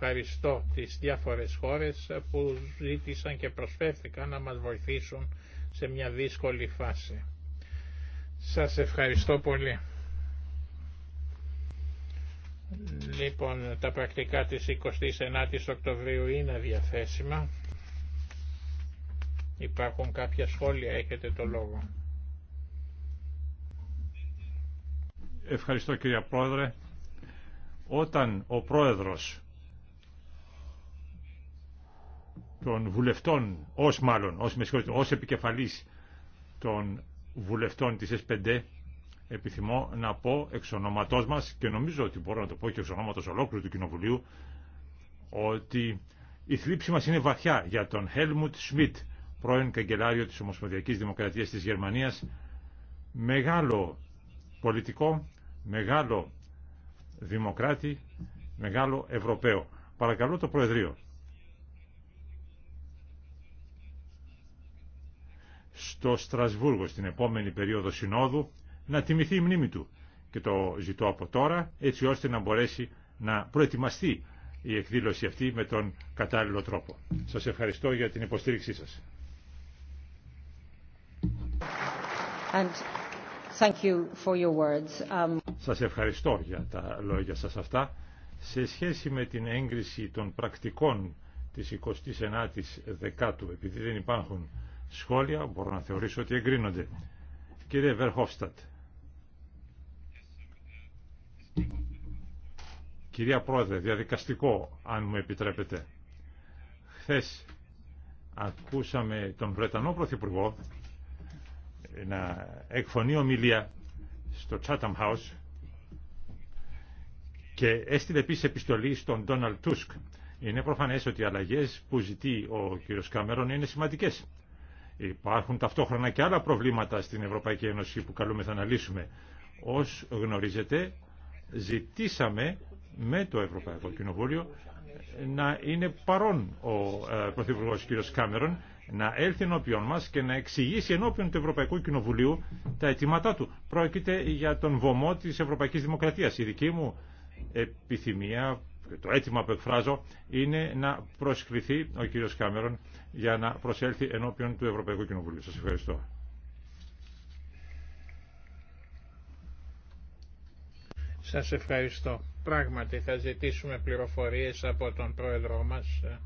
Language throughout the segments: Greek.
ευχαριστώ τις διάφορες χώρες που ζήτησαν και προσφέρθηκαν να μας βοηθήσουν σε μια δύσκολη φάση. Σας ευχαριστώ πολύ. Λοιπόν, τα πρακτικά της 29ης Οκτωβρίου είναι διαθέσιμα. Υπάρχουν κάποια σχόλια, έχετε το λόγο. Ευχαριστώ κύριε Πρόεδρε. Όταν ο Πρόεδρος των βουλευτών, ως μάλλον, ως, ως επικεφαλής των βουλευτών τη S5, επιθυμώ να πω εξ ονόματό μα και νομίζω ότι μπορώ να το πω και εξ ονόματο ολόκληρου του Κοινοβουλίου ότι η θλίψη μα είναι βαθιά για τον Helmut Schmidt, πρώην καγκελάριο της Ομοσπονδιακής Δημοκρατίας της Γερμανίας, μεγάλο πολιτικό, μεγάλο δημοκράτη, μεγάλο Ευρωπαίο. Παρακαλώ το Προεδρείο στο Στρασβούργο στην επόμενη περίοδο συνόδου να τιμηθεί η μνήμη του και το ζητώ από τώρα έτσι ώστε να μπορέσει να προετοιμαστεί η εκδήλωση αυτή με τον κατάλληλο τρόπο. Σας ευχαριστώ για την υποστήριξή σας. And thank you for your words. Um, σας ευχαριστώ για τα λόγια σας αυτά. Σε σχέση με την έγκριση των πρακτικών της 29ης Δεκάτου, επειδή δεν υπάρχουν σχόλια μπορώ να θεωρήσω ότι εγκρίνονται. Κύριε Βερχόφστατ. Κυρία Πρόεδρε, διαδικαστικό, αν μου επιτρέπετε. Χθες ακούσαμε τον Βρετανό Πρωθυπουργό να εκφωνεί ομιλία στο Chatham House και έστειλε επίση επιστολή στον Ντόναλτ Τούσκ. Είναι προφανές ότι οι αλλαγές που ζητεί ο κύριος Κάμερον είναι σημαντικές. Υπάρχουν ταυτόχρονα και άλλα προβλήματα στην Ευρωπαϊκή Ένωση που καλούμε να αναλύσουμε. Ως γνωρίζετε, ζητήσαμε με το Ευρωπαϊκό Κοινοβούλιο να είναι παρόν ο ε, Πρωθυπουργό κ. Κάμερον να έλθει ενώπιον μας και να εξηγήσει ενώπιον του Ευρωπαϊκού Κοινοβουλίου τα αιτήματά του. Πρόκειται για τον βωμό της Ευρωπαϊκής Δημοκρατίας. Η δική μου επιθυμία το αίτημα που εκφράζω είναι να προσκληθεί ο κύριος Κάμερον για να προσέλθει ενώπιον του Ευρωπαϊκού Κοινοβουλίου. Σας ευχαριστώ. Σας ευχαριστώ. Πράγματι θα ζητήσουμε πληροφορίες από τον πρόεδρό μας ε,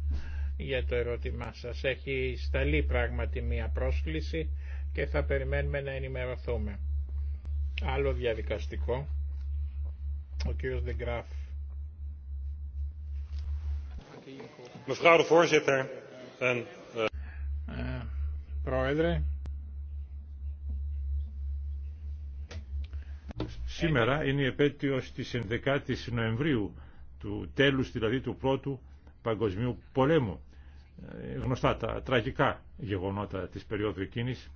για το ερώτημά σας. Έχει σταλεί πράγματι μία πρόσκληση και θα περιμένουμε να ενημερωθούμε. Άλλο διαδικαστικό, ο κύριος Δεγκράφ voorzitter eh, eh, σήμερα είναι η επέτειος της 11ης Νοεμβρίου, του τέλους δηλαδή του πρώτου παγκοσμίου πολέμου. Ε, γνωστά τα τραγικά γεγονότα της περίοδου εκείνης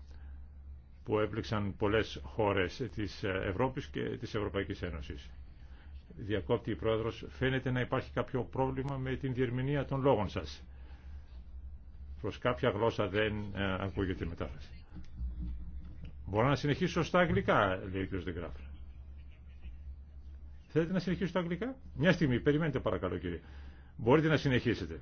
που έπληξαν πολλές χώρες της Ευρώπης και της Ευρωπαϊκής Ένωσης διακόπτει η Πρόεδρος, φαίνεται να υπάρχει κάποιο πρόβλημα με την διερμηνία των λόγων σας. Προς κάποια γλώσσα δεν ε, ακούγεται η μετάφραση. Μπορώ να συνεχίσω στα αγγλικά, λέει ο κ. Δεγκράφ. Θέλετε να συνεχίσω στα αγγλικά? Μια στιγμή, περιμένετε παρακαλώ κύριε. Μπορείτε να συνεχίσετε.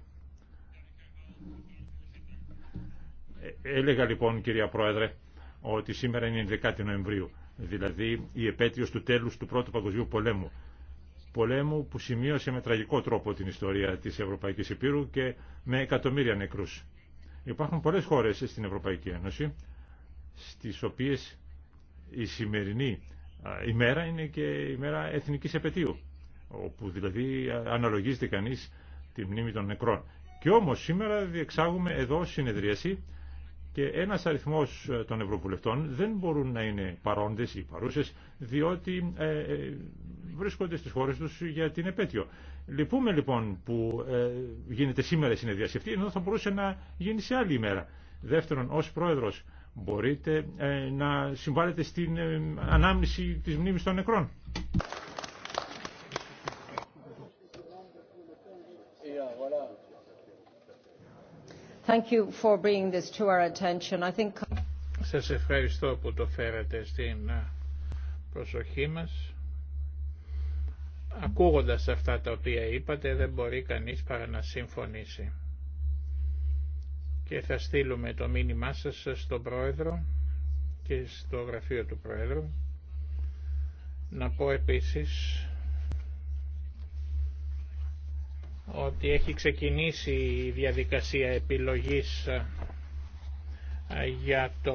Ε, έλεγα λοιπόν κυρία Πρόεδρε ότι σήμερα είναι η Νοεμβρίου, δηλαδή η επέτειος του τέλους του Πρώτου Παγκοσμίου Πολέμου πολέμου που σημείωσε με τραγικό τρόπο την ιστορία της Ευρωπαϊκής Επίρου και με εκατομμύρια νεκρούς. Υπάρχουν πολλές χώρες στην Ευρωπαϊκή Ένωση στις οποίες η σημερινή ημέρα είναι και η μέρα εθνικής επαιτίου όπου δηλαδή αναλογίζεται κανείς τη μνήμη των νεκρών. Και όμως σήμερα διεξάγουμε εδώ συνεδρίαση και ένας αριθμός ε, των Ευρωβουλευτών δεν μπορούν να είναι παρόντες ή παρούσες διότι ε, ε, βρίσκονται στις χώρες τους για την επέτειο. Λυπούμε λοιπόν που γίνεται σήμερα η συνεδρίαση αυτή ενώ θα μπορούσε να γίνει σε άλλη ημέρα. Δεύτερον, ως πρόεδρος μπορείτε να συμβάλλετε στην ανάμνηση της μνήμης των νεκρών. Thank you for bringing this attention. I think... Σας ευχαριστώ που το φέρατε στην ε, προσοχή μας. Ακούγοντας αυτά τα οποία είπατε δεν μπορεί κανείς παρά να συμφωνήσει. Και θα στείλουμε το μήνυμά σας στον Πρόεδρο και στο γραφείο του Πρόεδρου. Να πω επίσης ότι έχει ξεκινήσει η διαδικασία επιλογής ε, για το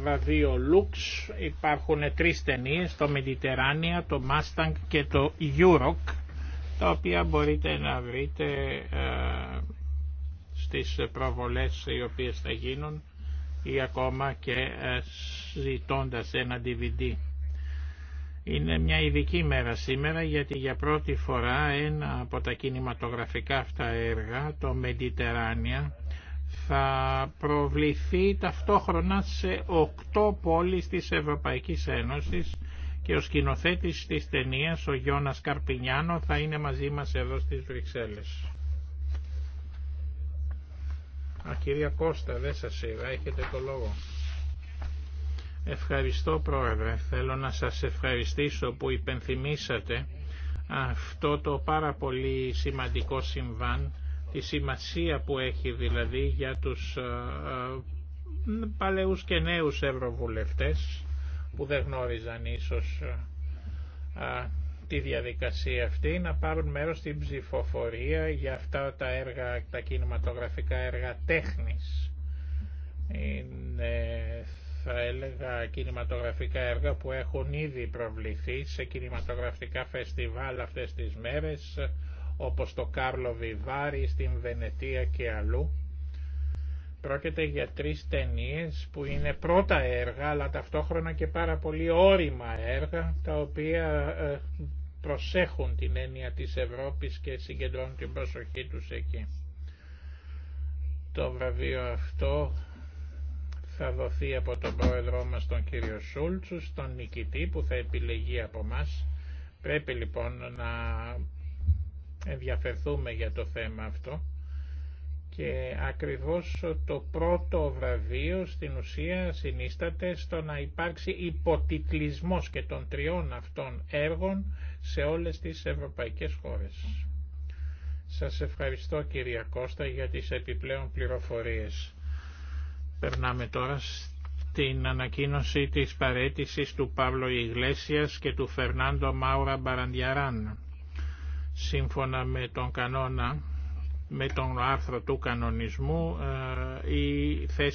βραβείο Λουξ. Υπάρχουν τρεις ταινίες, το Mediterranean, το Mustang και το Γιούροκ, τα οποία μπορείτε να βρείτε ε, στις προβολές οι οποίες θα γίνουν ή ακόμα και ε, ζητώντας ένα DVD. Είναι μια ειδική μέρα σήμερα γιατί για πρώτη φορά ένα από τα κινηματογραφικά αυτά έργα, το «Μεντιτεράνια», θα προβληθεί ταυτόχρονα σε οκτώ πόλεις της Ευρωπαϊκής Ένωσης και ο σκηνοθέτης της ταινίας, ο Γιώνας Καρπινιάνο, θα είναι μαζί μας εδώ στις Βρυξέλλες. Α, κυρία Κώστα, δεν σας είδα, έχετε το λόγο. Ευχαριστώ Πρόεδρε. Θέλω να σας ευχαριστήσω που υπενθυμίσατε αυτό το πάρα πολύ σημαντικό συμβάν, τη σημασία που έχει δηλαδή για τους ε, ε, παλαιούς και νέους ευρωβουλευτές που δεν γνώριζαν ίσως ε, τη διαδικασία αυτή να πάρουν μέρος στην ψηφοφορία για αυτά τα έργα, τα κινηματογραφικά έργα τέχνης θα έλεγα κινηματογραφικά έργα που έχουν ήδη προβληθεί σε κινηματογραφικά φεστιβάλ αυτές τις μέρες όπως το Κάρλο Βιβάρι στην Βενετία και αλλού. Πρόκειται για τρεις ταινίες που είναι πρώτα έργα αλλά ταυτόχρονα και πάρα πολύ όριμα έργα τα οποία ε, προσέχουν την έννοια της Ευρώπης και συγκεντρώνουν την προσοχή τους εκεί. Το βραβείο αυτό θα δοθεί από τον πρόεδρό μας τον κύριο Σούλτσου στον νικητή που θα επιλεγεί από μας. Πρέπει λοιπόν να ενδιαφερθούμε για το θέμα αυτό και ακριβώς το πρώτο βραβείο στην ουσία συνίσταται στο να υπάρξει υποτιτλισμός και των τριών αυτών έργων σε όλες τις ευρωπαϊκές χώρες. Σας ευχαριστώ κυρία Κώστα για τις επιπλέον πληροφορίες. Περνάμε τώρα στην ανακοίνωση της παρέτησης του Παύλο Ιγλέσιας και του Φερνάντο Μάουρα Μπαραντιαράν. Σύμφωνα με τον κανόνα, με τον άρθρο του κανονισμού, ε, η θέση